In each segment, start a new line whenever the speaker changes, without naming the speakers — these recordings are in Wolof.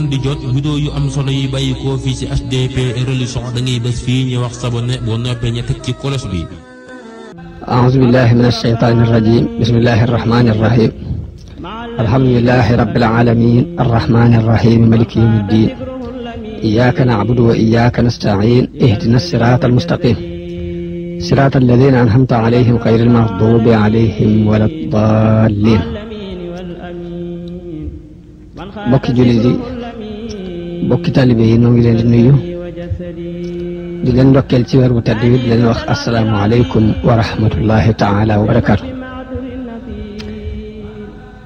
man di jot vidéo yu am solo yi bàyyi koo fii ci HDP religion da ngay bés fii ñu wax sabone boo noppee ñu teg ci kolos bi أعوذ بالله من الشيطان الرجيم بسم الله الرحمن الرحيم الحمد لله رب العالمين الرحمن الرحيم ملك يوم الدين إياك نعبد وإياك نستعين اهدنا الصراط المستقيم صراط الذين أنعمت عليهم غير المغضوب عليهم ولا الضالين بك جلدي bokki taalibe yi noo ngi leen di nuyu di leen ndokkeel ci weer bu tedd bi di leen wax asalaamaaleykum wa rahmatullahi taala wa barakaatu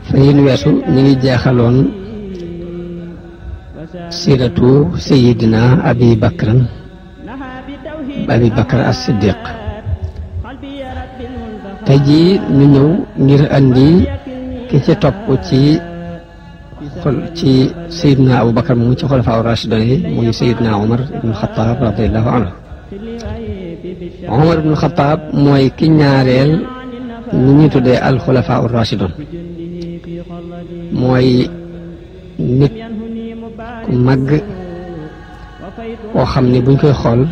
fa yéen weesu ñu ngi jeexaloon
siratu sayidina abi bakran abi bakar as siddiq tey jii ñu ñëw ngir andi ki ci topp ci kon ci sayidna abou bakar mooy ki ñaareel ñi ñuy tuddee al xulafaa mooy nit ku màgg koo xam ni buñ koy xool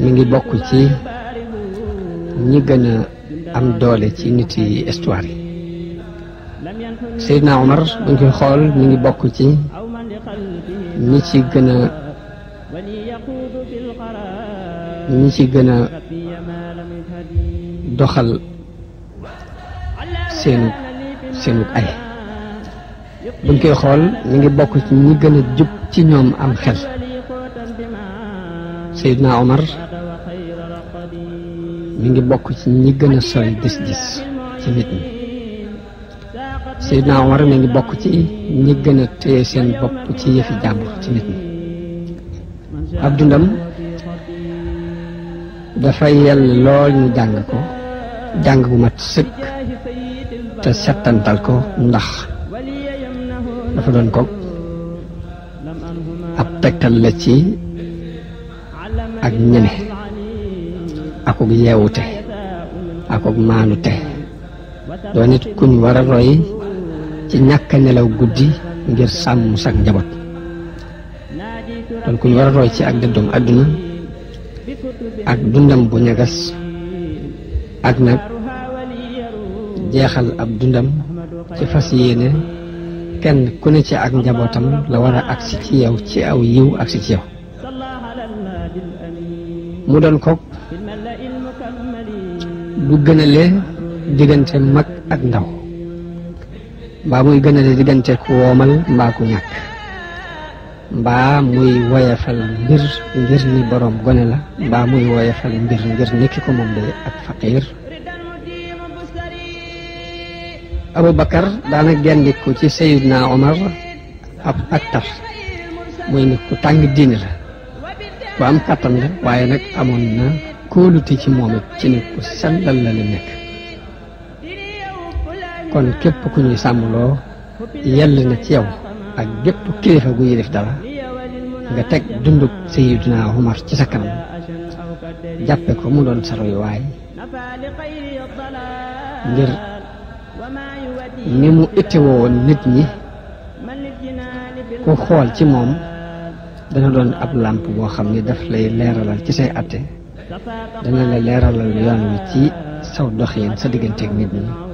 mu ngi bokk ci ñi gën am doole ci nit yi histoire yi Seydina Omar buñ koy xool mi ngi bokk ci ñi ci gën a ñi ci gën a doxal seenu seenu ay buñ koy xool mi ngi bokk ci ñi gën jub ci ñoom am xel Seydina Omar mu ngi bokk ci ñi gën a sori gis-gis ci nit ñi Seydina Omar mi ni bokk ci ñi gën a téye seen bopp ci yëfi jàmbur ci nit ñi ab dundam dafay yell lool ñu jàng ko jàng bu mat sëkk te settantal ko ndax dafa doon ko ab tegtal la ci ak ñene akuk yeewute akuk maanute doo nit kuñ war a roy ci ñàkk nelaw guddi ngir sàmm sag njaboot loolu ku ñu war roy ci ak dëddoom àdduna ak dundam bu ñagas ak nag jeexal ab dundam ci fas yéene kenn ku ne ci ak njabootam la war a agsi ci yow ci aw yiw agsi ci yow mu doon ko du gënale diggante mag ak ndaw mbaa muy gënale diggante ku woomal mbaa ku ñàkk mbaa muy woyefal mbir ngir ni borom gone la mbaa muy woyefal mbir ngir nekki ko moom day ak faqiir Abu Bakar daana gendiku ci Seydina Omar ab ak tar muy nit ku tàng diine la ku am kàttan waaye nag amoon na kóolute ci moom ci nit ku sellal la nekk kon képp ku ñuy sàmmuloo yell na ci yow ak gépp kilifa gu yilif dala nga teg dundug Sayyidina Umar ci sa kanam jàppe ko mu doon saroy waay ngir ni mu ittewoo woon nit ñi ku xool ci moom dana doon ab làmp boo xam ni daf lay leeralal ci say atte dana la leeralal yoon wi ci saw doxin sa digganteeg nit ñi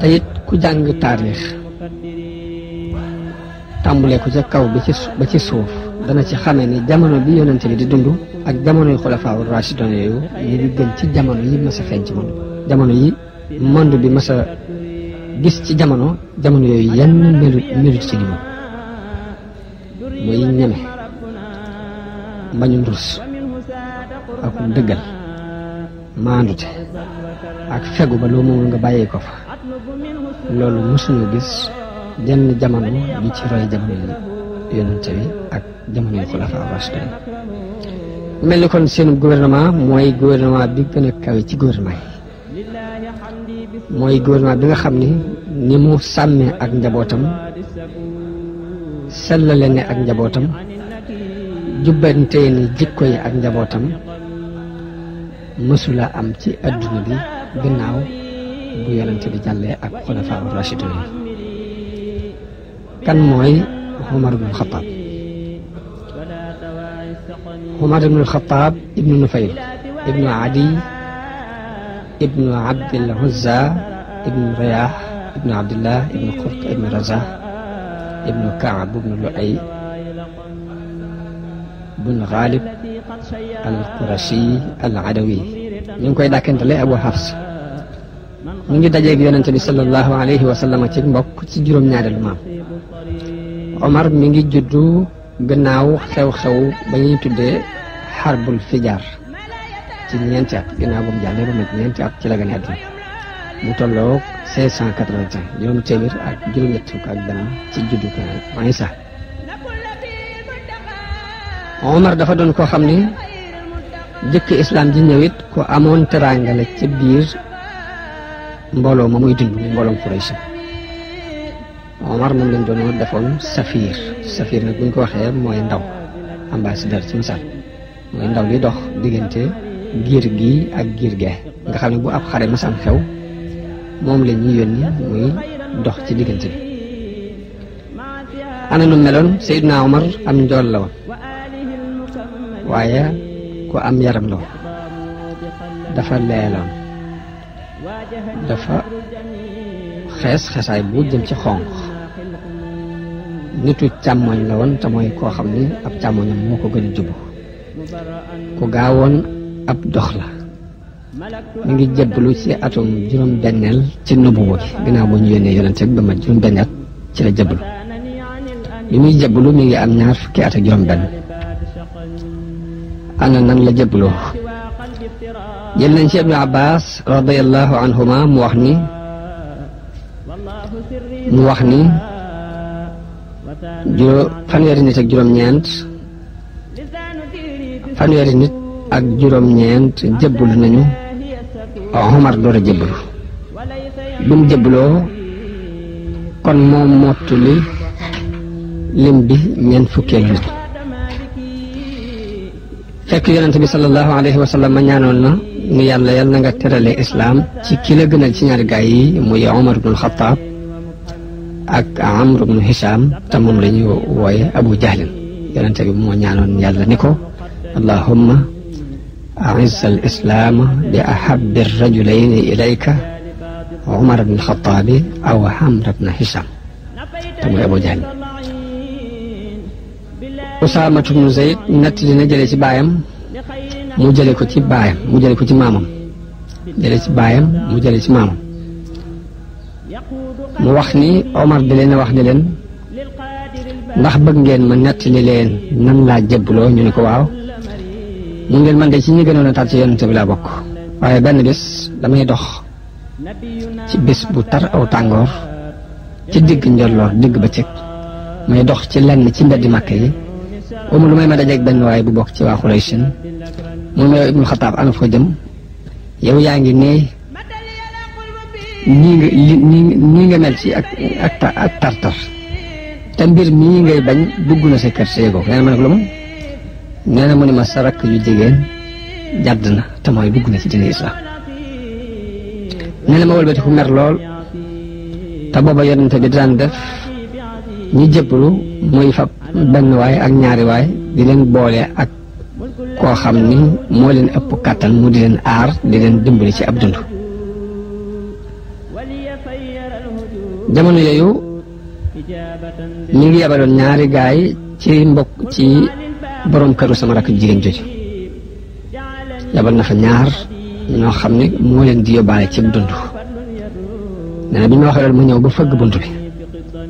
te ku jàng taarix tàmbulee ko ca kaw ba ci suuf dana ci xamee ni jamono bi yonente bi di dund ak jamono yu xulafaa wu di gën ci jamono yi mas ci monde jamono yi monde bi mas gis ci jamono jamono yooyu yenn melut melut ci li moom muy ñeme mbañu ndurs ak dëggal maandute ak fegu ba loo moomul nga bàyyee ko fa loolu mosuñu gis jenn jamono di ci roy jamono yonent bi ak jamono xulafaa ni kon seen gouvernement mooy gouvernement bi gën mooy gouvernement bi nga xam ni ni mu sàmmee ak njabootam sellale ne ak njabootam jubbante ni jikko yi ak njabootam mësula am ci adduna bi غيناو بو يالنت دي جالي اك كان موي عمر بن الخطاب عمر بن الخطاب ابن نفيل ابن عدي ابن عبد العزى ابن رياح ابن عبد الله ابن قرط ابن رزا ابن كعب ابن لؤي بن غالب القرشي العدوي ñu ngi koy dàkkantale abu hafs ñu ngi dajé ak yonente bi sallallahu alayhi wa sallam ci mbokk ci juroom ñaareelu maam omar mi ngi juddu gannaaw xew-xew ba ñuy tuddé harbul fijar ci ñent at gannaaw bu mu bu ba mat ñeenti at ci la gane addu mu tollo 580 ñoom téeméer ak juroom ñett fukk ak benn ci juddu ko ay sa Omar dafa doon koo xam ni jëkki islam ji ñëwit ko amoon teraanga la ci biir mbooloo ma muy dund muy mbooloom Quraysh Omar moom lañ doon defoon safir safir nag buñ ko waxee mooy ndaw ambassadeur ci misaal mooy ndaw li dox diggante giir gi ak giir gee nga xam ne bu ab xare masam xew moom la ñuy yónni muy dox ci diggante bi ana nu meloon Seydina Omar am njool la woon waaye ku am yaram la dafa leeloon dafa xees xesaay bu jëm ci xonq nitu càmmooñ la woon te mooy koo xam ne ab càmmoñam moo ko gën jubu ku gaawoon ab dox la mu ngi jébbalu ci atum juróom benneel ci nubuwa gi ginnaaw bu ñu yónnee yonente ba ma juróom benn ci la jébbalu li muy jébbalu mi ngi am ñaar fukki at ak juróom benn ana nan la jeblo jël nañ ci abbas radiyallahu anhuma mu wax ni mu wax ni fan yari nit ak ñent fan yari nit ak juróom ñent jeblu nañu bu kon mom Motuli, lim bi ñen fukki fekk yonent bi sallallahu alayhi wa sallam ñaanoon na ni yàlla yal na nga terale islaam ci ki la gënal ci ñaari gaay yi muy Omar ibnul Xataab ak Amr ibnu Hisham te moom la ñu wooye Abu Jahlin yonent bi moo ñaanoon yàlla ni ko allahumma aizz al Amr ibnu Hisham te muy Abu Jahlin Usaha tu zayd nett dina jële ci bayam mu jële ko ci bayam mu jële ko ci mamam jële ci bayam mu ci mamam mu wax ni omar di len wax ni len ndax bëgg ngeen ma li len nan la jeblo ñu ne ko waaw mu ngeen man de ci ñi gënoon a tar ci yonente bi la bokk waye ben bis damay dox ci bis bu tar aw tangor ci digg digg ci may dox ci lenn ci mbeddi xawma lu may man a jeg benn waaye bu bokk ci waa Xuraysin mu ne Ibnu Xataab ana foo jëm yow yaa ngi ne nii nga nii mel ci ak ak ak te mbir mii ngay bañ dugg na sa kër see ko nee ma ne ko na ma sa rakk yu jigéen jàdd na te mooy dugg na ci dina islam nee na ma wëlbati ku mer lool te booba yonente bi daan def ñi jëppalu mooy fab benn waay ak ñaari waay di leen boole ak koo xam ni moo leen ëpp kàttan mu di leen aar di leen dimbali ci ab dund jamono yooyu ñi ngi yebaloon ñaari gaay ci mbokk ci borom këru sama rakk jigéen jooju yabal na fa ñaar ñoo xam ni moo leen di yóbbaale ci dund nee na bi ñu waxee loolu mu ñëw ba fëgg bunt bi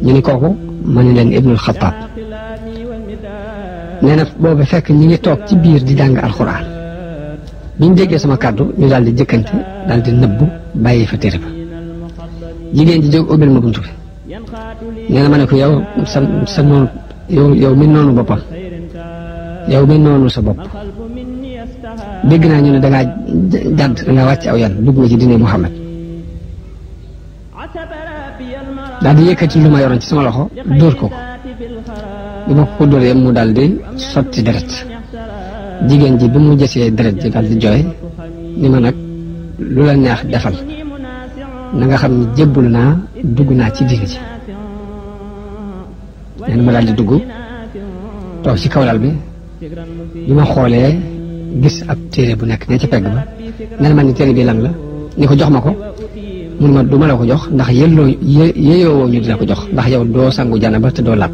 ñu ni kooku ma ne leen ibnul xataab nee booba fekk ñi ngi toog ci biir di jàng alxuraan bi ñu déggee sama kàddu ñu daal di jëkkante daal di nëbbu bàyyi fa téere ba jigéen ji jóg ubbil ma buntu bi nee na ma ne ko yow sa sa noonu yow noonu boppam yow mi noonu sa bopp dégg naa ñu ne dangaa jàdd dangaa wàcc aw yan dugg nga ci diine Muhammad daal di yëkkati lu ma yoroon ci sama loxo dóor ko ko bu ma ko dóoree mu daal di sotti deret jigéen ji bi mu jësee deret ji daal di ni ma nag lu la neex defal na nga xam ni jébbalu naa dugg naa ci diine ji leen ma daal di dugg toog ci kaw lal bi bi ma xoolee gis ab téere bu nekk ne ci pegg ba nen ma ni téere bi lan la ni ko jox ma ko mun ma duma la ko jox ndax yelloo yeyoo ñu dina ko jox ndax yow do sangu jana ba te do lab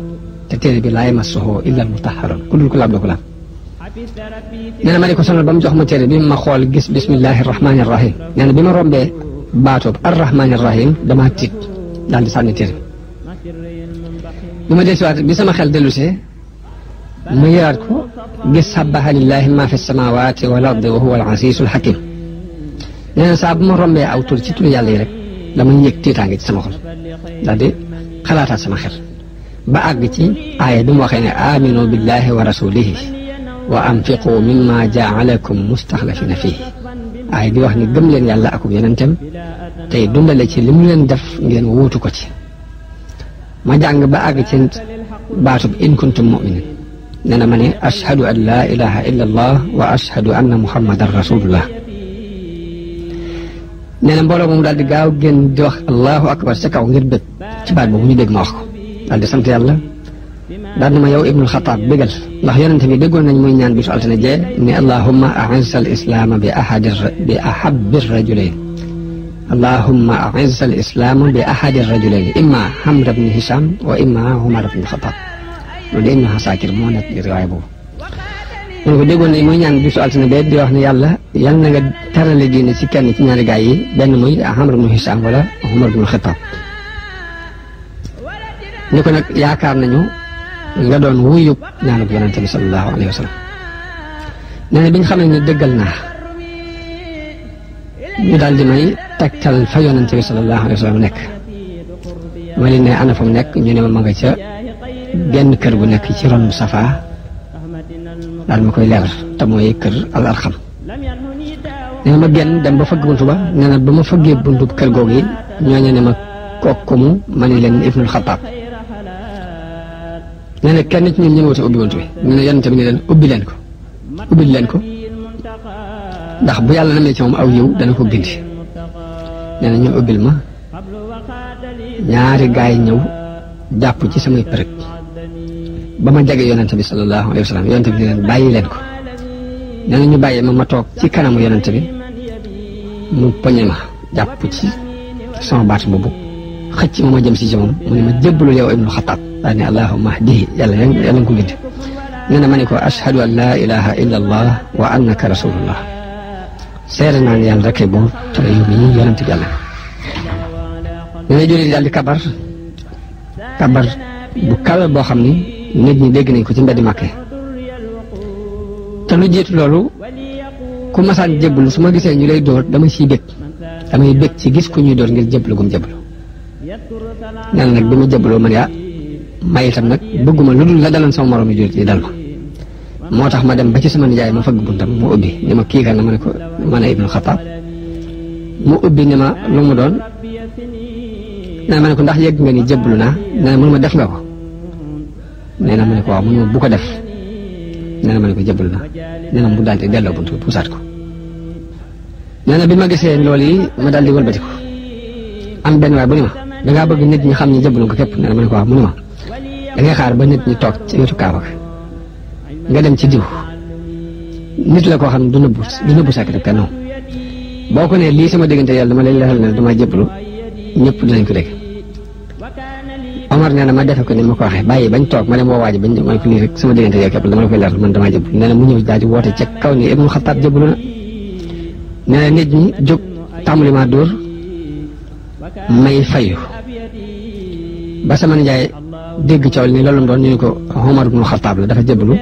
te tere bi lay masahu illa al mutahharoon ku dul ko laab doo ko laab nee na ko sonal bam jox ma tere bi ma xol gis bismillahir rahmanir rahim neena bima rombe ma ar rahmanir rahim dama tit dal di sànni téere bi ma wat bi sama xel dellusee ma yaat ko gis sabbaha lillahi ma fi samawati wal ardi wa huwa al azizul hakim nee na saa bu ma rombee aw tur ci tur yàlla yi rek dama yëg tiitaange ci sama xol daal di xalaataat sama xel ba àgg ci aaya bi mu waxee ne aminu billahi wa rasulihi wa anfiqu mimma jaalakum mustaxlafina fihi aaya bi wax ni gëm leen yàlla akub yonentam tey dundale ci li mu leen def ngeen wuutu ko ci ma jàng ba àgg ci baatub in kuntum muminin nee na ma ne ashhadu an laa ilaha illa allah wa ashhadu anna muhammadan rasulullah nee na mbooloo moom daal di gaaw génn di wax allahu akbar sa kaw ngir bëgg ci baat boobu ñu dégg ma wax ko daal di sant yàlla daal na ma yow ibnul xataab bégal ndax yonente bi déggoon nañ muy ñaan bi su altine jee ne allahumma a'iz al islaama bi ahadi bi ahabbi rajulayn allahumma a'iz al islaama bi ahadi rajulayn imma hamra bni hisham wa imma umar bni xataab loolu ibnu asakir moo nekk riwaaya boobu mu ne ko déggoon na muy ñaan bisu altine bee di wax ne yàlla yal na nga tarale génne ci kenn ci ñaari gaay yi benn muy Amr ibnu Hisaam wala Umar ibnu Xattaab ni ko nag yaakaar nañu nga doon wuyub ñaanub yonente bi sallallahu alayhi wa sallam nee na bi ñu ne dëggal naa ñu daal di may tegtal fa yonente bi sallallahu alayhi wa sallam nekk ma ne ana mu nekk ñu ne ma ma nga ca genn kër gu nekk ci ron Safa daal ma koy leer te mooy kër al arxam ma genn dem ba fëgg buntu ba nee ba ma fëggee buntu kër googu yi ñooñu ne ma kooku mu ma ne leen ibnul xataab nee kenn ci ñun ñëwatu ubbi buntu bi nee na yonente bi ne leen ubbi leen ko ubbil leen ko ndax bu yàlla namee ci moom aw yiw dana ko bindi nee na ñu ubbil ma ñaari gaay ñëw jàpp ci samay përëg ba ma jege yonent bi sallallahu alayhi wa sallam yonent bi ko nee na ñu bàyyi ma ma toog ci kanamu yonent bi mu poñe ma jàpp ci sama baat boobu xëcc ma ma jëm si si moom mu ne ma jébbalul yow ibnu xataab daa ne allahumma hdihi yàlla yàlla nga ko gindi nee na ma ne ko ashhadu an laa ilaha illa allah wa annaka rasulullah seere naa ne yàlla rekkee boo te yow mii yonent bi yàlla nee na julli daal di kabar kabar bu kawe boo xam ni nit ñi dégg nañ ko ci mbedd màkke te lu jiitu loolu ku masaan jébbalu su ma gisee ñu lay door dama ciy bég damay bég ci gis ku ñuy door ngir jébbalu gum jébbalu nee na nag bi ma jébbaloo man yaa may itam nag bëgguma lu dul la dalan sama morom yi jullit yi dal ma moo tax ma dem ba ci sama nijaay ma fagg buntam mu ubbi ni ma kii kan la ma ne ko ma ne ibnu xataab mu ubbi ni ma lu mu doon nee ma ne ko ndax yëg nga ni jébbalu naa nee na mënuma def nga ko nee mané ko amu bu ko def nee mané ko jëbbal na nee na mu di buntu bi ko nee bima bi loli ma daal di wëlbati ko am ben way bu ni ma da nga bëgg nit ñi xam ñi jëbbalu ko kep nee mané ko amu ah, ni ma da ngay xaar ba nit ñi tok ci wetu kaaba nga dem ci diw nit la ko xam du neub du neub sak rek kanu boko ne li sama diggante yalla dama lay leeral ne dama jëbbalu ñepp dañ ko dégg Omar nee na ma defe ko ni ma ko waxee bàyyi bañ toog ma dem woo waaji bañ ma ne dama la koy leeral man damaa jëblu nee na mu ñëw daal di woote ca kaw ni Ibnu Xattaab jëblu na nee na nit ñi jóg tàmbali maa dóor may fayu ba sama njaay dégg coow ni loolu doon ñu ne ko Omar Ibnu Xattaab la dafa jëblu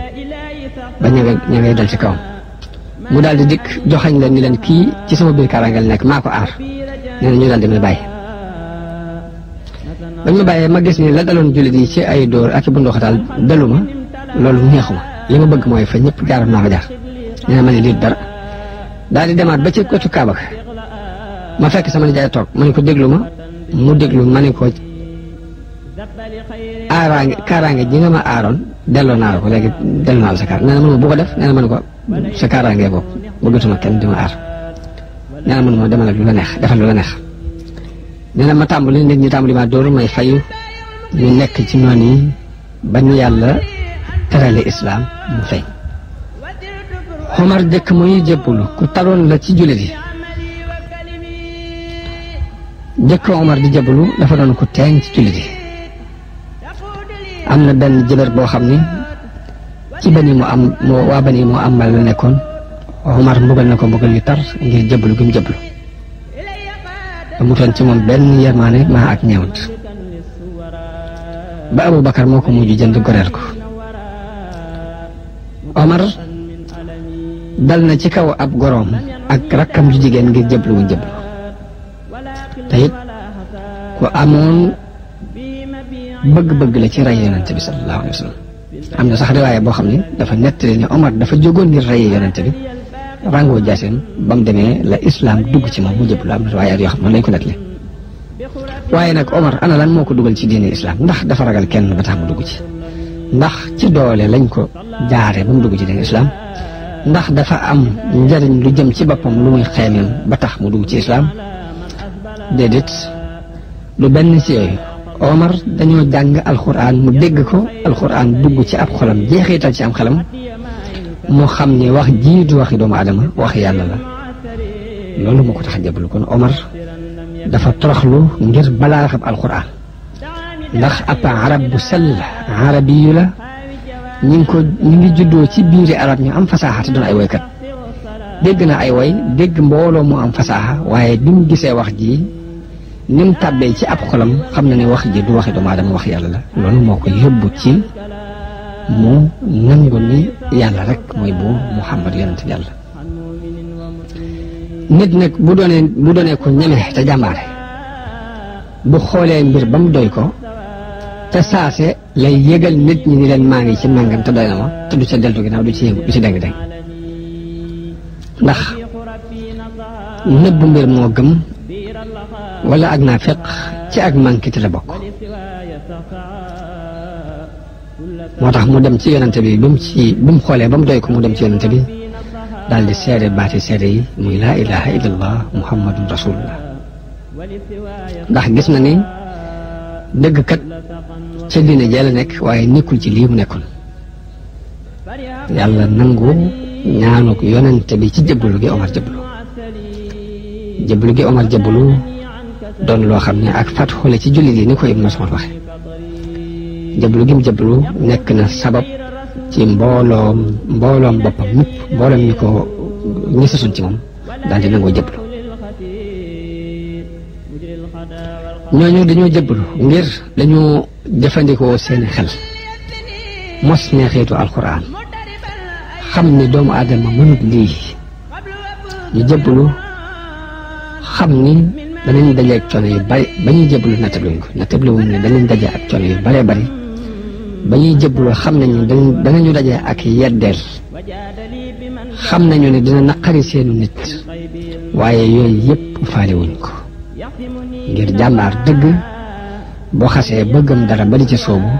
ba ña ngay ña ngay dal ci kaw mu daal di dikk joxañ leen ni leen kii ci sama biir kaaraangeel nekk maa ko aar nee na ñu daal may bàyyi bañ ma baye ma gis ni la dalon julit yi ci ay dóor ak bu ndox dal daluma lolou neexuma li ma bëgg moy fa ñepp jaaram na fa jaar ñu ma ne lii dara di demat ba ci kotu Kaaba ma fekk sama nijaay tok ma ko déglu mu déglu ma ko aaraange kaaraange ji nga ma aron delo na ko legi delo na sa kar nee na mënuma bu ko def na ko sa kaaraange boobu bëggatuma kenn di ma aar nee na mënuma lu la neex defal lu la neex nee na ma tàmbali nit ñi tàmbali maa dóor may fayu ñu nekk ci noon yi ba ñu yàlla terale islaam mu fay xomar jëkk muy jëppulu ku taroon la ci jullit yi jëkk xomar di jëppulu dafa doon ku teen ci jullit yi am na benn jëbër boo xam ni ci bani mu am waa bani mu amal nekkoon xomar mbugal na ko mbugal yu tar ngir jëppulu gi mu amutan ci mom ben yermane ya ma ak ñewut ba abou bakar moko muju jënd goreel ko omar dal na ci kaw ab gorom ak rakam ju jigen ngir jëblu jëblu tayit ko ku amun bëgg-bëgg la ci ray yonante bi sallallahu alayhi wasallam amna sax riwaya bo xamni dafa netti ni omar dafa jogon ngir ray yonante bi ràngoo jaaseem ba mu demee la islaam dugg ci moom mu jëpp lu am riwaayaat yoo xam noonu lañ ko nettali waaye nag Omar ana lan moo ko dugal ci diine islaam ndax dafa ragal kenn ba tax dugg ci ndax ci doole lañ ko jaare ba dugg ci diine islam ndax dafa am njariñ lu jëm ci boppam lu muy xeemeem ba tax mu dugg ci islam déedéet lu benn ci yooyu Omar dañoo jàng alxuraan mu dégg ko alxuraan dugg ci ab xolam jeexital ci am xelam mu xam ni wax jii du waxi doomu aadama wax yàlla la loolu moo ko tax a kon Omar dafa toroxlu ngir balaa xam alquran ndax ab arab bu sell arabi la ñu ngi ko ñu ngi ci biiri arab ñu am fasaaxa te ay woykat dégg na ay woy dégg mbooloo mu am fasaaxa waaye bi mu gisee wax ji ni mu tàbbee ci ab xolam xam na ne wax ji du waxi doomu aadama wax yàlla la loolu moo ko yóbbu ci mu nangu ni yàlla rek mooy buur Muhammad yonent yàlla nit nag bu doonee bu doonee ko ñeme te jàmbaare bu xoolee mbir ba mu doy ko te saase lay yëgal nit ñi ni leen maa ngi ci nangam te doy ma te du ca deltu ginnaaw du ci du ci deng deng ndax nëbb mbir moo gëm wala ak naa feq ci ak manqué te la bokk moo tax mu dem ci yonante bi ba mu ci mu xoolee ba mu doy ko mu dem ci yonante bi daal di seede baati seede yi muy laa ilaha illallah muhammadun rasulullah ndax gis na ni dëgg kat ca diine jee la nekk waaye nekkul ci lii mu nekkoon yàlla nangu ñaanuk yonante bi ci jëbbalu gi Omar jëbbalu jëbbalu gi Omar jëbbalu doon loo xam ne ak fatxu la ci jullit yi ni ko Ibn Mas'ud jablu gim jablu nek na sabab ci mbolom mbolom bopam ñëpp mbolam ni ko ñi sasuñ ci mom dal di nangoo jablu ñooñu dañu jablu ngir dañu jëfandikoo seen xel mos neexeetu alquran xam ni doomu adama mënut li ñu jablu xam ni danañ daje ak coono yu bari ba ñuy jablu ko ko natabluwuñ ne dañu dajé ak coono yu bari ba ñuy jëblu xam nañu ñu daje ak yeddeel xam nañu ni dina naqari seenu nit waaye yooyu yëpp faalewuñ ko ngir jàmbaar dëgg boo xasee bëggam dara ba di ci soobu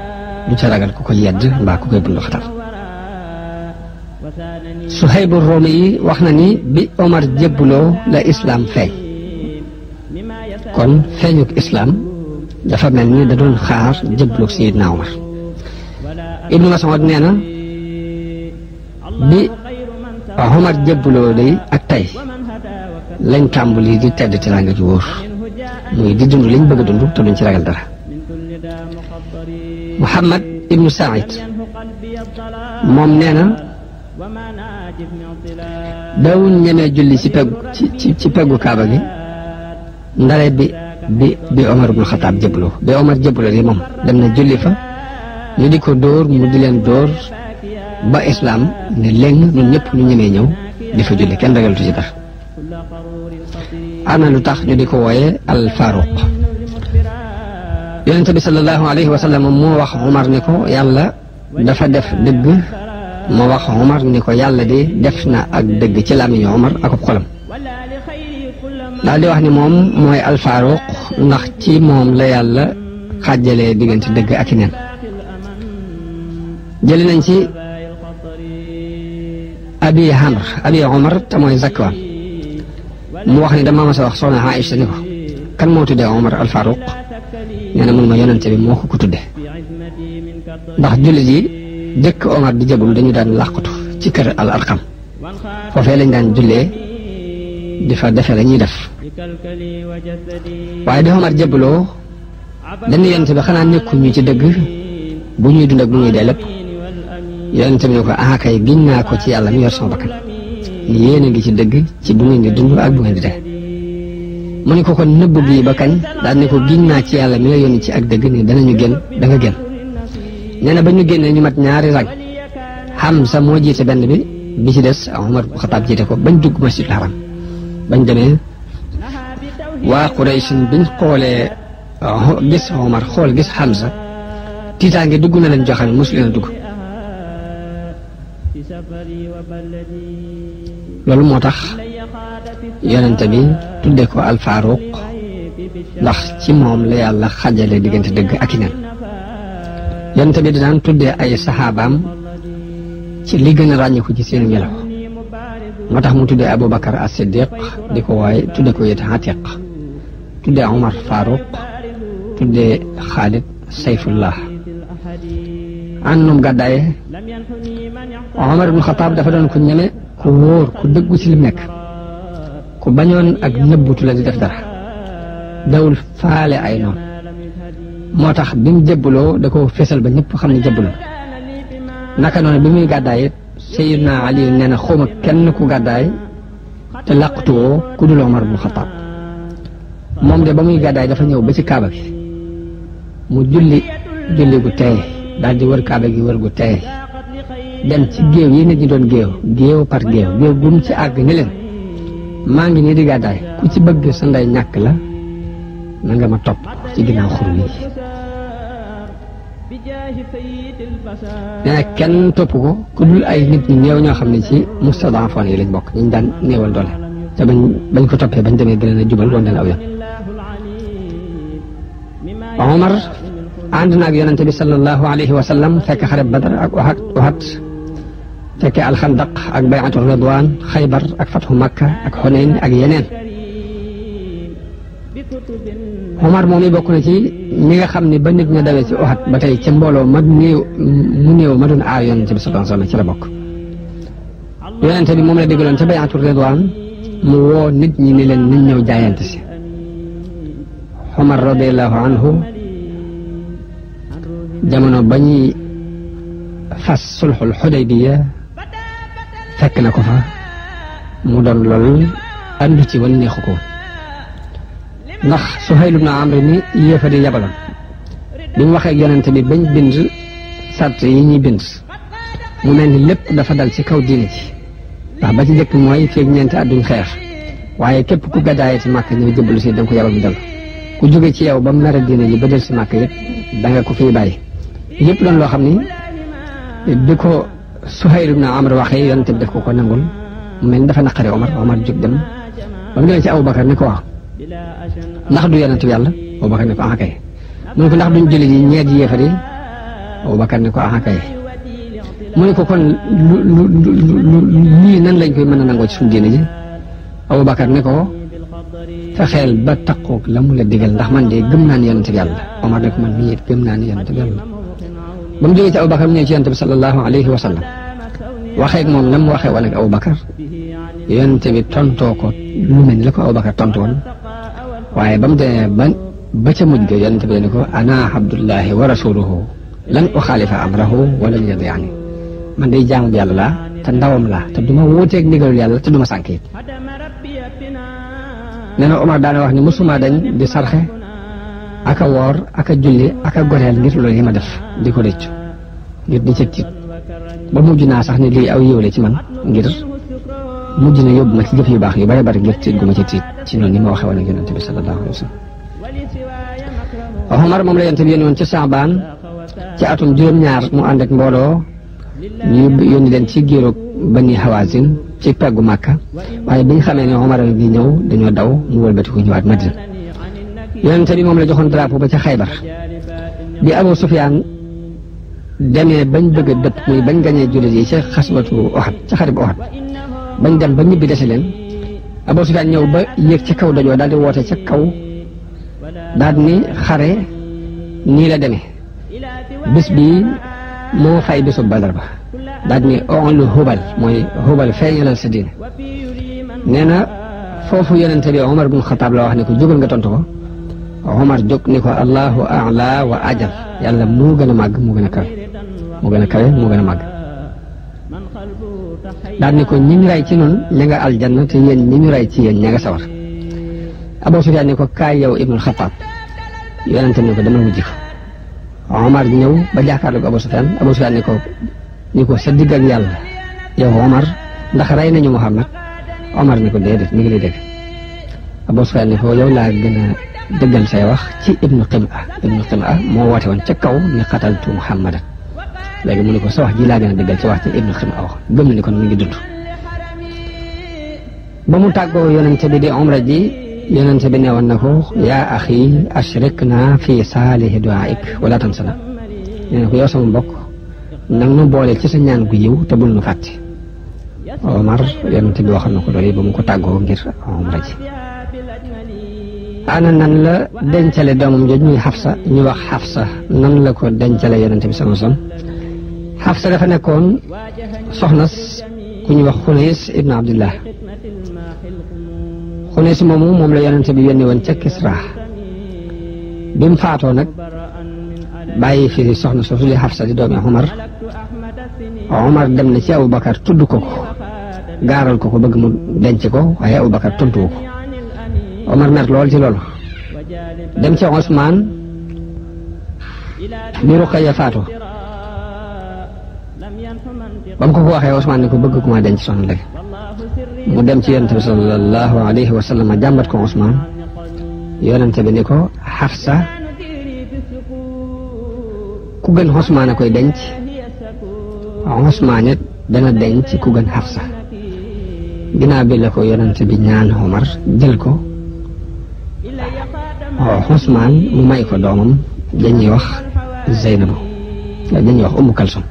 du ca ragal ku ko yedd mbaa ku koy bunduxatal Suhaybu Roomi yi wax na ni bi Omar jëbbaloo la islaam feeñ kon feeñuk islaam dafa mel ni da doon xaar jëbbaloo Seydina Omar ibnu Mas'ud nee na bi Umar jébbaloo day ak tey lañ tàmbali di tedd teraanga ci wóor muy di dund liñ bëgg a dund te duñ ci ragal dara Muhammad ibnu Saïd moom nee na daawuñ ñemee julli ci peggu ci ci peggu Kaaba gi ndare bi bi bi Omar ibnu Xataab jébbaloo bi Omar jébbaloo di moom dem na julli fa ñu di ko dóor mu di leen dóor ba islam ne leng ñun ñep ñu ñëmé ñew di fa julli kenn tu ci tax ana lu tax ñu di ko al faruq yonente tabi sallallahu alayhi wa sallam mo wax umar ne ko yalla dafa def deug mo wax umar ne ko yalla di def na ak deug ci ñu umar ak xolam daal di wax ni mom moy al faruq ndax ci mom la yalla xàjjalee diggante deug ak ñen جلنا nañ أبي abi hamr abi omar te mooy zakwa ما wax خصونا عائشة mas كان موت soxna عمر الفاروق يعني kan من ما tuddee omar al faruq nee ya, na mun ma yonente bi moo ko ko tudde ndax jullit yi jëkk omar di jabul dañu daan làqatu ci kër al arqam foofee lañ daan jullee di fa defe la def waaye bi omar jabaloo oh. dañu yonente bi xanaa nekkuñu ci dëgg bu ñuy dund ak bu ñuy dee lépp yonent bi ko ah kay giñ naa ko ci yàlla mi yor sama bakkan ni a ngi ci dëgg ci bu ngeen di dund ak bu ngeen di dee mu ne ko kon nëbb bii ba daal ne ko giñ naa ci yàlla mi la yónni ci ak dëgg ni danañu génn da nga génn nee na ba ñu génnee ñu mat ñaari xam sa moo jiite benn bi bi ci des Omar Xataab jiite ko bañ dugg masjidul haram bañ demee waa Quraysh biñ xoolee gis Omar xool gis Hamza tiitaange dugg na leen joxal musulina dugg loolu moo tax yonente bi tudde ko alfaaruq ndax ci moom la yàlla xajale diggante dëgg ak i nen yonente bi tuddee ay saxaabaam ci li gën a ràññiku ci seen melaw moo tax mu tuddee Aboubacar as Siddiq di ko waaye tudde ko it Atiq tuddee Omar Faaruq tuddee Xaalid Sayfullah an num gàddaayee Omar ibnu Xataab dafa doon ku ñeme ku wóor ku dëggu ci lim nekk ku bañoon ak nëbbutu la di def dara dawul faale ay noonu moo tax bi mu jëbbaloo da ko fesal ba ñëpp xam ne jëbbaloo naka noonu bi muy gàddaay it Seydina Ali nee na xawma kenn ku gàddaay te làqutuwoo ku dul Omar ibnu Xataab moom de ba muy gàddaay dafa ñëw ba ci kaaba mu julli julli gu tey dal di wër kaaba gi wër gu tey dem ci géew yi nit di doon géew géew par géew géew gum ci àgg ne leen maa ngi nii di gàddaay ku ci bëgg sa nday ñàkk la na nga ma topp ci ginnaaw xur wi nee kenn topp ko ku dul ay nit ñi néew ñoo xam ne ci mustadafon yi lañ bokk ñu daan néewal doole te bañ bañ ko toppee bañ demee di leen a jubal woon leen aw yoon Omar ànd naag yonent bi sallallahu alayhi wa sallam fekk xareb badar ak uhat uhat fekke alxandaq ak bayatu ridwaan xaybar ak fatxu makka ak xunayn ak yeneen Omar moom i bokk na ci ñi nga xam ne ba nit ña dawee ci uhat ba tey ca mbooloo ma néew mu néew ma doon aar yonent bi sallallahu alayhi wa sallam ci la bokk yonent bi moom la digaloon ca bayatu ridwaan mu woo nit ñi ni leen nañ ñëw jaayante si Omar radiallahu anhu jamono ba ñuy fas sulxul xudaybiya fekk na ko fa mu doon lool ànd ci wan neexu ko ndax Suhayl ibn Amr ni yéefa di yabaloon bi mu waxee ak yonente bi bañ bind sart yi ñuy bind mu mel ni lépp dafa dal ci kaw diine ji ndax ba ci njëkk mooy feeg ñeenti at duñ xeex waaye képp ku gaddaayee ci màkk ñëw jëbbalu si da nga ko yabal mu dal ku jóge ci yow ba mu mere diine ji ba del si màkk yëpp da nga ko fiy bàyyi lépp doon loo xam ni bi ko Suhayl ibn Amr waxee yonent bi def ko ko nangul mu mel ni dafa naqari Omar Omar jóg dem ba mu demee ci Aboubacar ni ko wax ah, ndax du yonentu yàlla Aboubacar ni ko ah kay mu ne ko ndax duñ jëli yi ñeet yi yéefar yi Aboubacar ni ko ah kay mu ne ko kon lu lu lu lii nan lañ koy mën a nangoo ci suñu diine ji Aboubacar ni ko fexeel ba takkoog la mu la digal ndax man de gëm naa ni yonent bi yàlla Omar ne ko man mii it gëm naa ni yonent bi yàlla ba mu jógee ci Aboubacar mu ñëw ci yonent bi sallallahu alayhi wa sallam waxee ak moom na mu waxee woon ak Aboubacar yonent bi tontoo ko lu mel ni la ko Aboubacar tontu woon waaye ba mu demee ba ba ca mujj ga yonent bi ne ko ana abdullahi wa rasuluhu lan uxaalifa amrahu wala yadiani man day jaamu bi yàlla laa te ndawam laa te du ma wuuteeg ndigalul yàlla te du ma sànk it nee na Omar daana wax ni musuma dañ di sarxe ak a woor ak a julli ak a goreel ngir loolu yi ma def di ko rëccu ngir di ca tiit ba mujj naa sax ne lii aw yiw la ci man ngir mujj na yóbbu ma ci jëf yu baax yu bari bari ngir tiit gu ma ci tiit ci noonu ni ma waxee woon ak yonente bi sallallahu alayhi wa sallam Omar moom la yonente bi ci Saabaan ci atum juróom-ñaar mu ànd ak mbooloo ñu yónni leen ci giirug Bani Hawazin ci peggu Màkka waaye bi ñu xamee ne Omar bi ñëw dañoo daw mu wëlbatiku ñëwaat Madina yonente bi moom la joxoon drapeau ba ca xaybar bi Abu Sufyaan demee bañ bëgg a muy bañ gañee jullit yi ca xaswatu Uhud ca xarib Uhud bañ dem ba ñibbi dese leen Abu Sufyaan ñëw ba yéeg ci kaw dajoo daal di woote ca kaw daal ni xare nii la demee bis bi moo fay bisu Badar ba daal ni onlu hubal mooy hubal feeñalal sa diine nee foofu yonente bi Omar bin Xataab la wax ne ko jógal nga tontu ko Omar jóg ni ko allahu ala wa ajal yàlla moo gën a màgg mu gën a kawe moo gën a màgg daal ni ko ñi ñu rey ci noonu ña nga aljanna te yéen ñi ñu rey ci yéen ña nga sawar Abu Sufyaan ni ko kaay yow Ibnul Xattaab yonente ni ko dama wujji ko Omar ñëw ba jàkkaarloo ko Abu Sufyaan ni ko ni ko sa digg ak yàlla yow Omar ndax rey nañu Muhammad Omar ni ko déedéet mi ngi lay dégg Abu Sufyaan ni ko yow laa gën a deggal say wax ci ibnu qibla ibnu qibla mo wate won ci kaw oh, ni xataltu muhammad legi mu ne ko sa ya wax ji la gëna deggal ci wax ci ibnu qibla wax gëm ni kon mu ngi dund ba mu tàggoo yonente bi di omra ji yonente bi newoon na ko yaa axi fi salih duaik wala tansana ya ne ko yo ya sama mbokk nag nu boole ci sa ñaan gu yew te bu nu fatte omar yonente bi waxal nako ko ba mu ko taggo ngir omra ji ana nan la dencale doomam jooju ñuy xafsa ñu wax xafsa nan la ko dencale yonente bi sama son xafsa dafa nekkoon soxnas ku ñuy wax xunees ibnu abdullah xunees moomu moom la yonente bi yónni woon ca Kisra bi mu nag bàyyi fi soxna soosu li xafsa di doomi Omar Omar dem na ci Abubakar tudd ko ko gaaral ko ko bëgg mu denc ko waaye Abubakar tontu ko Omar mer lool ci loolu dem ca Ousmane bi Ruqaya faatu ba mu ko ko waxee Ousmane ne ko bëgg ku ma denc soxna rek mu dem ci yonent bi sallallahu alayhi wa sallam jàmbat ko Ousmane yonent bi ne ko Xafsa ku gën Ousmane a koy denc Ousmane it dana denc ku gën Xafsa ginnaaw bi la ko yonent bi ñaan Omar jël ko waaw Ousmane mu may ko doomam dañuy wax Zeynabu dañuy wax Umu Kalsum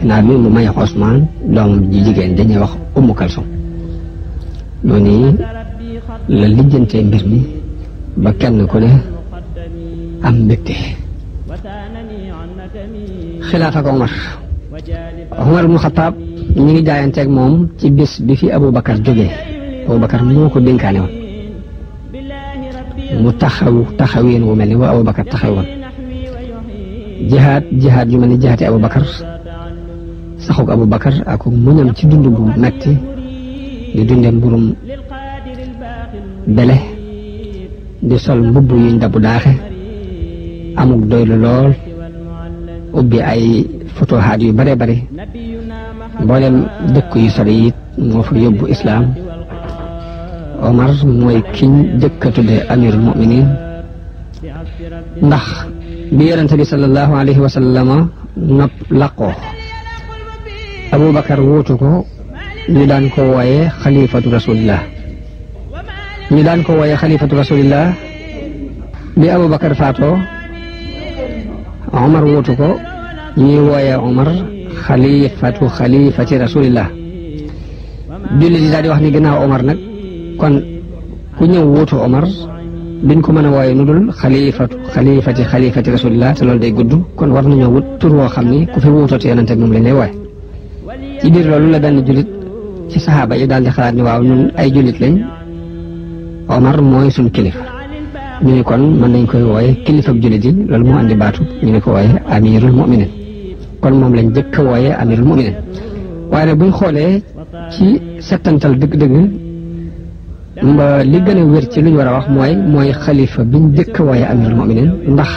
ginnaaw bi mu may Ousmane doomam ji jigéen dañuy wax Umu Kalsum noonu la lijjantee mbir mi ba kenn ko ne am mbégte xilaaf ak Omar Omar ibnu Xataab ñu ngi jaayanteeg moom ci bis bi fi Aboubacar jógee Aboubacar moo ko dénkaane mu taxaw taxaween wu mel ni wa Aboubacar taxawoon jihaad jihaad yu mel ni jihaati Aboubacar saxug Aboubacar ak muñam ci dund bu metti di dunde mburum bele di sol mbubb yuñ dabu daaxe amuk doylu lool ubbi ay futuhaat yu bare bare mboolem dëkk yu sol it moo fa yóbbu islaam Omar mooy kiñ jëkk a tudde amirul muminin ndax bi yonente bi sallallahu alayhi wa wuutu ko ñu daan ko woye xalifatu rasulillah daan ko wooye xalifatu rasulillah bi Aboubacar faatoo wuutu ko ñuy wooye Omar xalifatu xalifati rasulillah julli di daal wax ni ginnaaw Omar nag kon ku ñëw wuutu Omar duñ ko mën a wooye nu dul xalifatu xalifati xalifati rasulillah te loolu day gudd kon war nañoo wut tur woo xam ni ku fi wuutoote yonente bi moom lañ lay ci biir loolu la benn jullit ci saxaaba yi daal di xalaat ni waaw ñun ay jullit lañ Omar mooy suñ kilifa ñu ne kon mën nañ koy wooye kilifa jullit yi loolu moo andi baatu ñu ne ko wooye amirul muminin kon moom lañ jëkk a wooye amirul muminin waaye nag buñ xoolee ci settantal dëgg-dëgg ba li gën a wér ci lu ñu war a wax mooy mooy xalifa biñ jëkk waaye amirul muminin ndax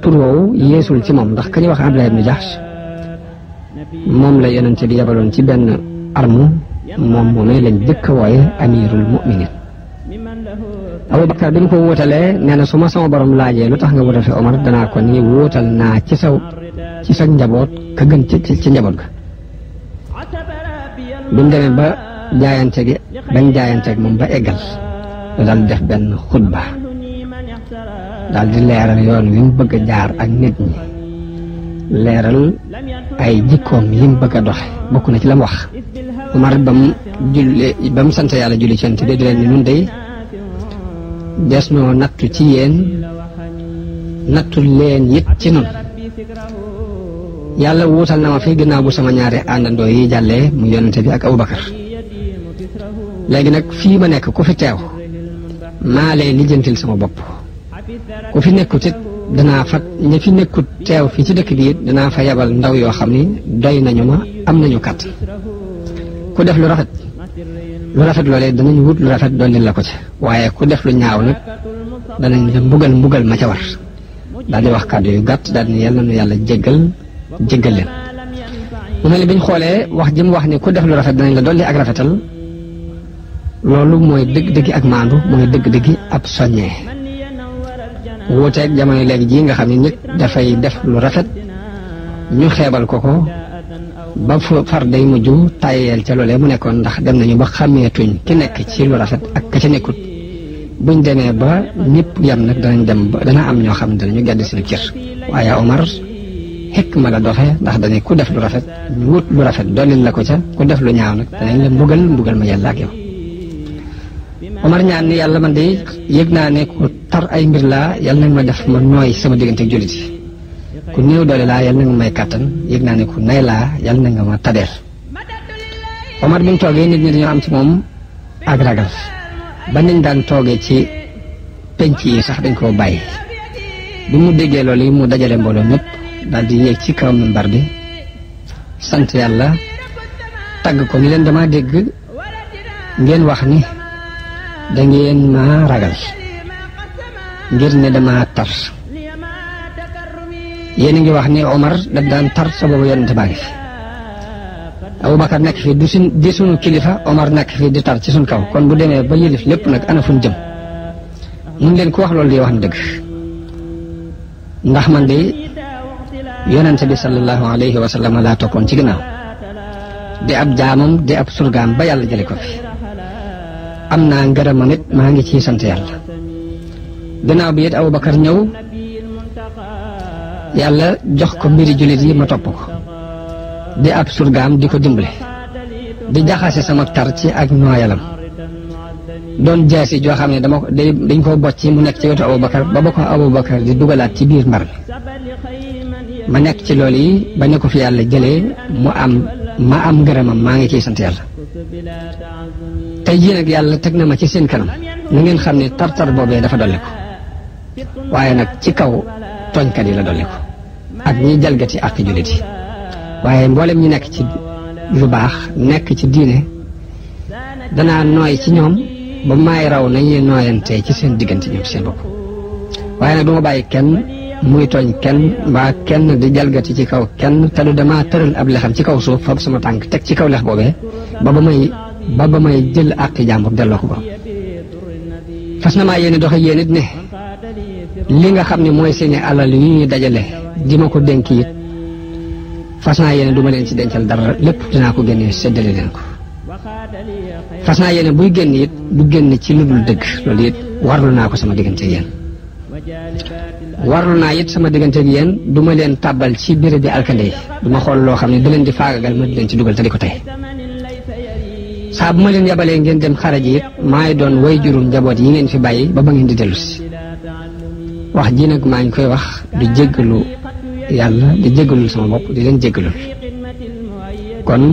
tur woowu yeesul ci moom ndax ka ñu wax Abdullah ibnu Jahsh moom la yonente bi yabaloon ci benn armu moom moomee lañ jëkk wooye amirul muminin Aboubacar bi mu ko wóotalee nee na su ma sama borom laajee lu tax nga wóotal fi Omar danaa ko ni wóotal naa ci saw ci sa njaboot ka gën ci ci njaboot ga bi mu demee ba jaayante gi bañ jaayante ak moom ba eggal dal def benn xutba dal di leeral yoon wi mu bëgg a jaar ak nit ñi leeral ay jikkoom yi mu bëgg a doxe bokk na ci lam wax Umar bam mu bam sant yàlla julli ci di leen ni nun day des noo nattu ci yéen nattu leen yit ci nun yàlla wuutal na ma fi ginnaaw sama ñaari àndandoo yi jàllee mu yonente bi ak Abubakar léegi nag fii ma nekk ku fi teew maa lay lijjantil sama bopp ku fi nekkut it danaa fa ña fi nekkut teew fii ci dëkk bi it danaa fa yebal ndaw yoo xam ni doy nañu ma am nañu kat ku def lu rafet lu rafet loolee danañ wut lu rafet dollil la ko ci waaye ku def lu ñaaw nag danañ la mbugal mbugal ma ca war daal wax kàddu yu gàtt daal di yàlla nu yàlla jéggal jéggal leen mu mel ni biñ xoolee wax jëm wax ni ku def lu rafet danañ la dolli ak rafetal lolou moy deug deug ak maandu mooy deug dëgg ab wote ak jamono léegi ji nga xamni nit da fay def lu rafet ñu xébal ko ko ba far day muju tayel ci lolé mu nekkon ndax dem nañu ba tuñ ki nekk ci lu rafet ak ka ca nekkut buñ demee ba ñepp yam nak dañu dem ba dana am ño xamni dañu gadd ci seen waya Omar hek la doxé ndax dañu ku def lu rafet wut lu rafet dolin la ko ca ku def lu ñaaw nak danañ la mbugal mbugal ma yalla ak yow Omar ñaan ni Yalla man de yëg ne ko tar ay mbir la Yalla nang ma def ma noy sama digënté ak jullit ku neew doole la Yalla nang may neng yëg naa ne ko nay la Yalla nang ma tader Omar bin toge nit ñi dañoo am ci mom ak ragal ba ñu daan toge ci penc yi sax dañ ko bayyi bi mu déggee loolu yi mu dajale mbolo daal di yéeg ci kaw mimbar bi sant yàlla tagg ko ni leen dama dégg ngeen wax ni da ngeen ma ragal ngir ne dama tar yéen ngi wax ni Omar da daan tar sa bobu yonente baa ngi fi Aboubacar nekk fi du sun di sunu kilifa Omar nek fi di tar ci sun kaw kon bu demee ba yelif lepp nak ana fun jëm mun len ko wax lol di wax na ndax man de yonente bi sallallahu alayhi wa sallam la tokon ci ginnaaw di ab jamum di ab surgam ba yalla jeli ko fi am naa ngërëmam it maa ngi ciy sant yàlla gannaaw bi it Aboubacar ñëw yàlla jox ko mbiri jullit yi ma topp ko di ab surgaam di ko dimbale di jaxase sama tar ci ak nooyalam doon jaasi joo xam ne dama dañ koo bocci mu nekk ci wetu Aboubacar ba ba ko Aboubacar di dugalaat ci biir mbar mi ma nekk ci lool yi ba ne ko fi yàlla jëlee mu am ma am ngërëmam maa ngi ci sant yàlla tey jii nag yàlla teg na ma ci seen kanam na ngeen xam ne tartar boobee dafa dolli ko waaye nag ci kaw tooñkat yi la dolli ko ak ñi jalgati ak jullit waaye mboolem ñi nekk ci lu baax nekk ci diine dana nooy ci ñoom ba maay raw nañuy nooyantee ci seen diggante ñoom seen bopp waaye nag du bàyyi kenn muy tooñ kenn mbaa kenn di jalgati ci kaw kenn te du damaa tëral ab lexam ci kaw suuf fab sama tànk teg ci kaw lex boobee ba ba may ba ba may jël ak jàmbur delo ko ko fas na maa yene doxe yéen ne li nga xamni moy seeni alal yi ñu dajale di ma ko dénk it fas naa yéene du ma ci dencal dara lepp dina ko genné séddale len ko fas naa buy genn it du genn ci lu deug dëgg yit warlu na ko sama digënté yeen warlu na yit sama digënté ak yeen duma len tabal ci biré bi alkandé duma xol lo xamni loo di faagagal ma di leen ci duggal te ko saa bu ma leen yabalee ngeen dem xare ji it maay doon way jurum njaboot yi ngeen fi bàyyi ba ba ngeen di dellu wax ji nag maa ngi koy wax di jéggalu yàlla di jéggalul sama bopp di leen jéggalul kon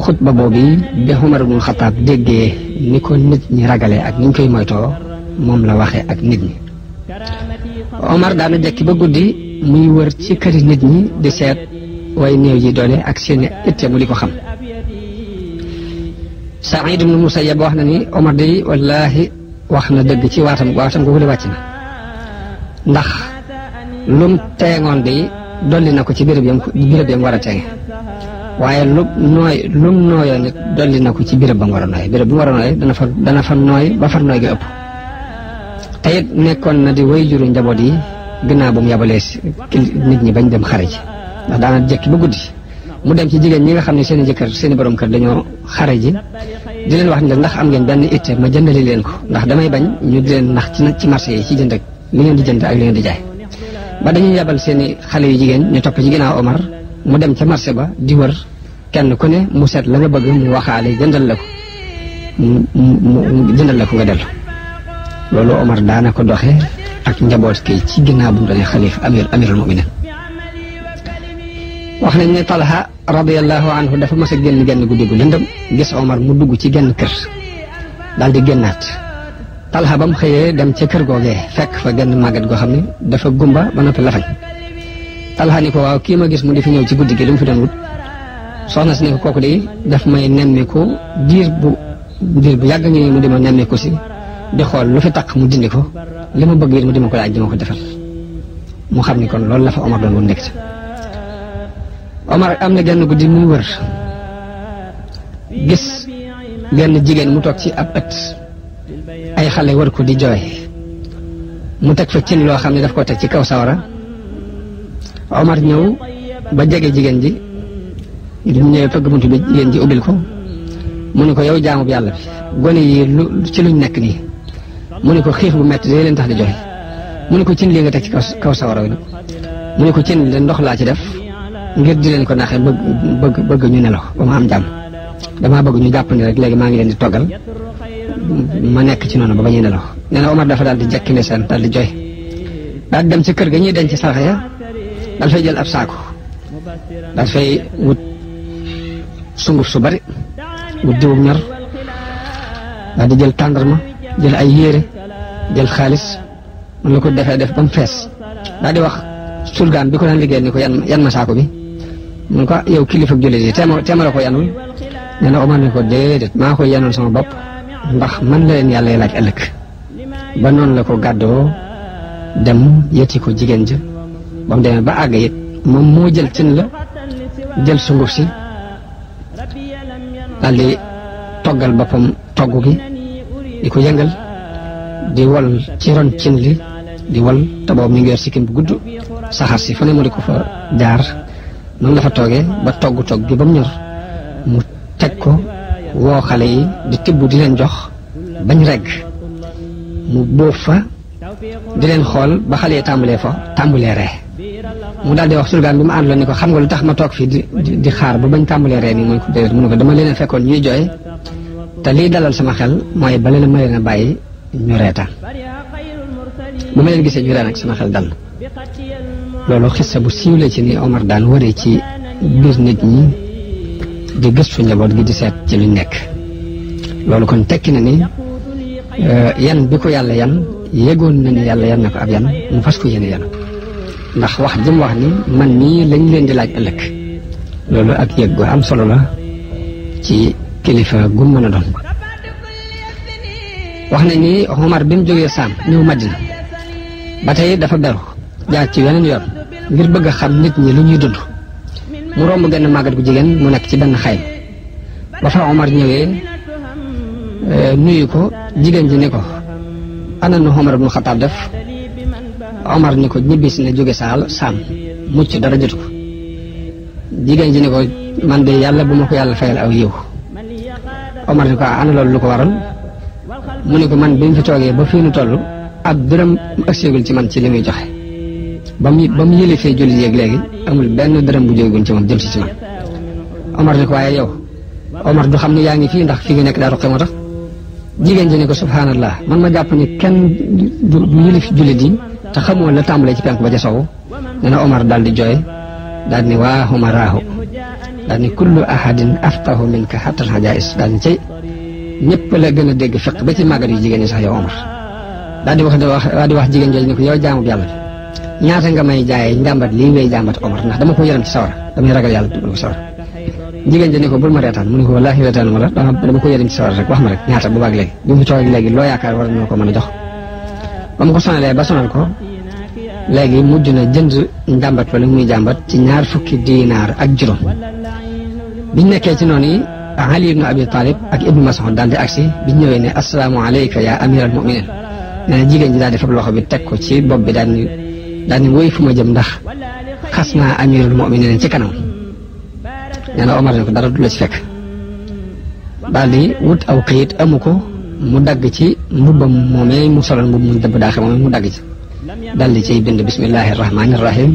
xut xutba boobu bi Umar ibn Xattaab déggee ni ko nit ñi ragalee ak ni ñu koy moytoo moom la waxee ak nit ñi Omar daana jekki ba guddi muy wër ci këri nit ñi di seet way néew yi doole ak seeni itte mu di ko xam Saïd ibnu Musayyab wax na ni Omar day wallaahi wax na dëgg ci waatam waatam googu wàcc na ndax lum teengoon day dolli na ko ci béréb yam béréb war a teenge waaye lu nooy lum nooyoo nit dolli na ko ci béréb ba mu war a nooy béréb bu mu war a nooy dana fa dana fa nooy ba far nooy gi ëpp te nekkoon na di way juru njaboot yi ginnaaw bu mu yabalee nit ñi bañ dem xare ji ndax daana jëkki ba guddi mu dem ci jigéen ñi nga xam ne seen i jëkkër seen i borom kër dañoo xare ji di leen wax ne ndax am ngeen benn itte ma jëndali leen ko ndax damay bañ ñu di leen nax ci ci marché yi ci jënd ak li ngeen di jënd ak li ngeen di jaay. ba dañuy yabal seen i xale yu jigéen ñu topp ci ginnaaw Omar mu dem ca marché ba di wër kenn ku ne mu seet la nga bëgg mu waxaale jëndal la ko mu jëndal la ko nga dellu loolu Omar daana ko doxee ak njaboot ki ci ginnaaw bu mu doonee xalif amir amirul muminin wax nañ ne Talha radiallahu anhu dafa mas a génn genn guddi gu lëndëm gis Omar mu dugg ci genn kër daal di génnaat Talha ba mu xëyee dem ca kër googee fekk fa genn màgget goo xam ne dafa gumba ba noppi lafañ Talha ni ko waaw kii ma gis mu di fi ñëw ci guddi gi lu mu fi dem wut soxna si ne kooku de daf may nemmiku diir bu diir bu yàgg ngi mu di ma nemmiku si di xool lu fi taq mu dindi ko li ma bëgg it mu di ma ko laaj di ma ko defal mu xam ni kon loolu la fa Omar doon wut Omar am na genn guddi mu wër gis genn jigéen mu toog ci ab ëtt ay xale war ko di jooy mu teg fa cin loo xam ne daf ko teg ci kaw sawara Omar ñëw ba jege jigéen ji mu ñëwee fëgg bunt bi jigéen ji ubbil ko mu ne ko yow jaamub yàlla bi gone yi lu ci luñ nekk nii mu ne ko xiif bu metti day leen tax di jooy mu ne ko cin lii nga teg ci kaw sawara mu ne ko cin li ndox laa ci def ngir di leen ko naxee bëgg bëgg bëgg ñu nelaw ba ma am jam dama bëgg ñu japp ni rek léegi omam ngi leen di togal ma nekk ci nonu ba bañu nelaw na Omar dafa dal di jekki ne sen dal di joy dal dem ci kër ga ñi denc sax ya dal fay jël ab saako dal fay wut sunguf su bari wut diw ñor dal di jël tandarma jël ay yére jël xaalis lu ko defee def ba mu fees di wax surgaan bi ko daan liggéey ni ko yan yan ma saako bi mu ko yow ya, kilifa jullit yi teema teema ko yanul nee na Omar ko déedéet ma ko yanul sama bop ndax man la leen yalla laj ëllëg ba non la ko gaddo dem yëti ko jigen ja bam dem ba ag yit mom mo jël cin la jël sunguf si daal togal toggal togu gi di yengal di wal ci ron cin li di wal tabo mi ngi bu gudd si fane mo di ko fa jaar noonu la fa toogee ba togg togg gi ba mu ñor mu teg ko woo xale yi di tibb di leen jox bañ regg mu bóof fa di leen xool ba xale yi tàmbalee fa tàmbalee ree mu daal di wax surgaan bi ma la ni ko xam nga lu tax ma toog fii di di xaar ba bañ tàmbalee ree nii mu ne ko dama leen a fekkoon ñuy jooy te liy dalal sama xel mooy ba leen ma leen a bàyyi ñu reetaan bu ma leen gisee ñu ree nag sama xel dal lolo xissa bu siiw la ci ni omar daan wëree ci biir nit ñi di gëstu njaboot gi di seet ci lu nekk loolu kon tekki na ni yan bi ko yàlla yan yegoon na ni yàlla yan na ko ab yan mu fas ko yan ndax wax jëm wax ni man mii lañ leen di laaj ëllëg loolu ak yëg gu am solo la ci kilifa gu mën a wax na ni Omar bi mu jógee Saam ñëw Madina ba tey dafa beru jaar ci weneen yoon ngir bëgg xam nit ñi lu ñuy dund mu romb genn màggat gu jigéen mu nekk ci benn xayma ba fa Omar ñëwee euh, nuyu ko jigéen ji ni ko ana nu Omar ibnu Xataab def Omar ni ko ñibbisi na jóge saal sam mucc dara jotu ko jigéen ji ni ko man de yàlla bu ma ko fayal aw yiw Omar ni ko ah, ana loolu lu ko waral mu ni ko man bi mu fi toogee ba fii nu toll ak ak ci man ci li joxe ba mu ba mu yëlifee jullit yeeg léegi amul benn dërëm bu jógewoon ci moom jëm si ci man Omar ne ko waaye yow Omar du xam ne yaa ngi fii ndax fi nga nekk daa roqe moo tax jigéen ji ne ko subhanallah man ma jàpp ni kenn du du yëlif jullit yi te xamoo ci penk ba ca sowu na Omar daal di jooy daal ni ne waa humaraahu daal ni ne kullu ahadin aftahu minka hatta al-hajais daal di ne cay ñëpp la gën a dégg fekk ba ci màggat yu jigéen yi sax yow Omar daal di wax daal di wax jigéen jooju ne ko yow jaamu yàlla bi ñaata nga may jaayee njàmbat lii ngay jàmbat Omar ndax dama ko yaram ci sawara damay ragal yàlla dugal ko sawara jigéen ja ne ko bul ma reetaan mu ne ko wallaahi reetaan ma dama ko yaram ci sawara rek wax ma rek ñaata bu baag léegi bi mu toog léegi loo ko mën a jox mu ko sonalee ba sonal ko léegi mujj na jënd njàmbat wala muy jàmbat ci ñaar fukki diinaar ak juróom biñ nekkee ci noonu yi Ali ibn Abi Talib ak Ibn Mas'ud daal ak agsi biñ ñëwee ne asalaamu alayka yaa amiral muminin nee na jigéen ji daal di fab loxo bi teg ko ci bopp bi daal Dan woy fuma jëm ndax amirul mu'minin ci kanam nee omar ne ko dara du ci fekk daal wut aw kayit amuko mu dagg ci mbubam momé mu solal mbub mu dëbb daaxe moomee mu dagg ci dal ci bind bismillahir rahmanir rahim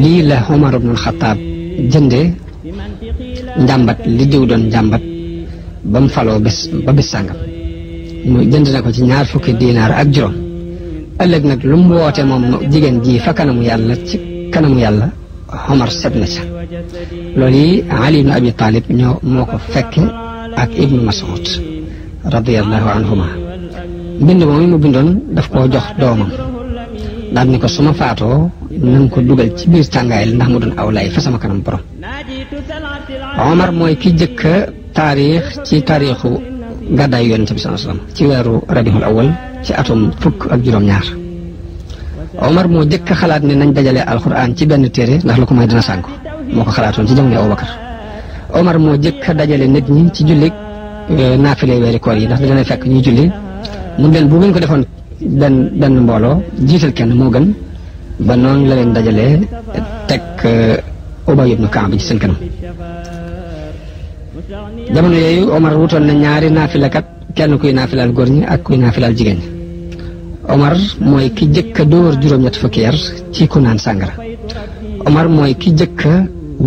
li la omar ibn khattab jëndee njàmbat li diw don njàmbat bam mu bes ba bes sangam mu jënd na ko ci ñaar fukki dinar ak juroom ëllëg nag lu mu woote moom jigéen ji fa kanamu yàlla ci kanamu yàlla Omar set na ca loolu yi Ali ibn Abi ñoo moo ko fekke ak Ibnu Mas'ud radiyallahu anhuma mbind moom mu bindoon daf koo jox doomam daal ni ko suma faatoo na nga ko dugal ci biir tàngaay li ndax mu doon awlaay fa sama kanam borom Omar mooy ki jëkk taarix ci taarixu gàddaay yonent bi sallallahu alayhi wasallam ci weeru rabiul awal ci atum fukk ak juróom-ñaar Omar moo jëkk xalaat ne nañ dajale alxuraan ci benn téere ndax lu ko may dina sànku moo ko xalaatoon ci jamono Abubakar Omar moo jëkk dajale nit ñi ci julli euh, naafile weeri koor yi ndax dina fekk ñuy julli mun leen bu ko defoon benn benn mbooloo jiital kenn moo gën ba noonu la leen teg euh, Ubay ibnu Kaab ci seen kanam wutoon na ñaari naafilekat kenn kuy naafilaal góor ñi ak kuy naafilaal jigéen ñi Omar mooy ki jëkk a dóor juróom-ñetti fukki yar ci ku naan sàngara Omar mooy ki jëkk a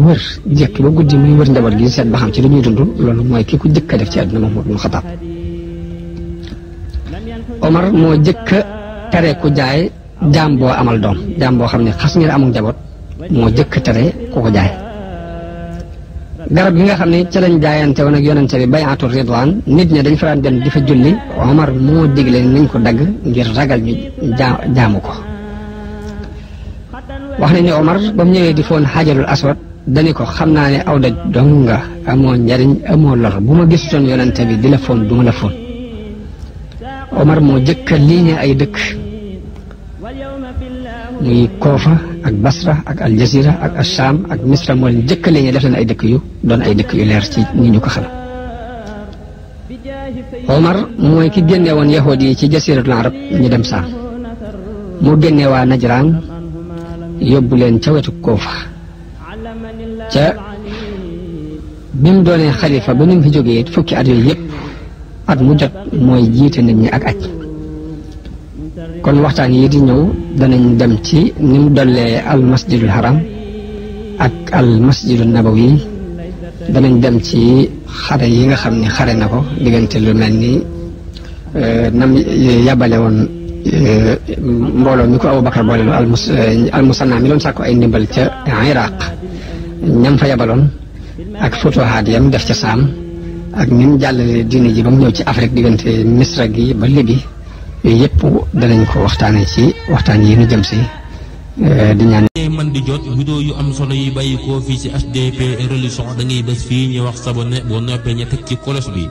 wër jëkk ba guddi muy wër njaboot gi set ba xam ci lu ñuy dund loolu mooy ki ku jëkk def ci àdduna Mahmoud mu Xataab Omar moo jëkk a tere ku jaay jaam boo amal doom jaam boo xam ne xas ngeen amul njaboot moo jëkk tere ku ko jaay garab gi nga xam ne ca lañ jaayante woon ak yonente bi bayaatu ridwaan nit ñi dañ faraan dem di fa julli Omar moo digle nañ ko dagg ngir ragal ñu jaamu ko wax nañ ne Omar ba mu ñëwee di foon xaajalul aswad dañu ko xam naa ne aw daj dong nga amoo njariñ amoo lor bu ma gisutoon yonente bi di la foon du ma la foon Omar moo jëkka lii ne ay dëkk muy Koofa ak Basra ak Al ak Asham ak Misra moo leen jëkkale ñu def leen ay dëkk yu doon ay dëkk yu leer ci ni ñu ko xam. Omar mooy ki génne woon yahudi ci jasiratul arab ñu dem saam mu génne waa Najraan yóbbu leen ca wetu Kuufa ca bi mu doonee xalifa ba ñu mu fi jógee fukki at yooyu yëpp at mu jot mooy jiite nit ñi ak aj kon waxtaan yi di ñëw danañ dem ci ni mu dollee al masjidul haram ak al masjidul nabawi danañ dem ci xare yi nga xam ne xare na ko diggante lu mel ni euh, nam yabale woon euh, mbooloo mi ko Abubakar boole lu euh, al musanna mi doon sàkku ay ndimbal ca iraq ñam fa yabaloon ak futuhaat yam def ca saam ak ni jàll jàllale diine ji ba mu ñëw ci Afrique diggante misra gi ba libi yooyu yëpp danañ ko waxtaanee ci waxtaan yi ñu jëm si euh, di ñaan man di jot vidéo yu am solo yi bàyyi koo fii ci HDP religion da ngay bés fii ñu wax sabonné boo noppee ñu ci kolos bi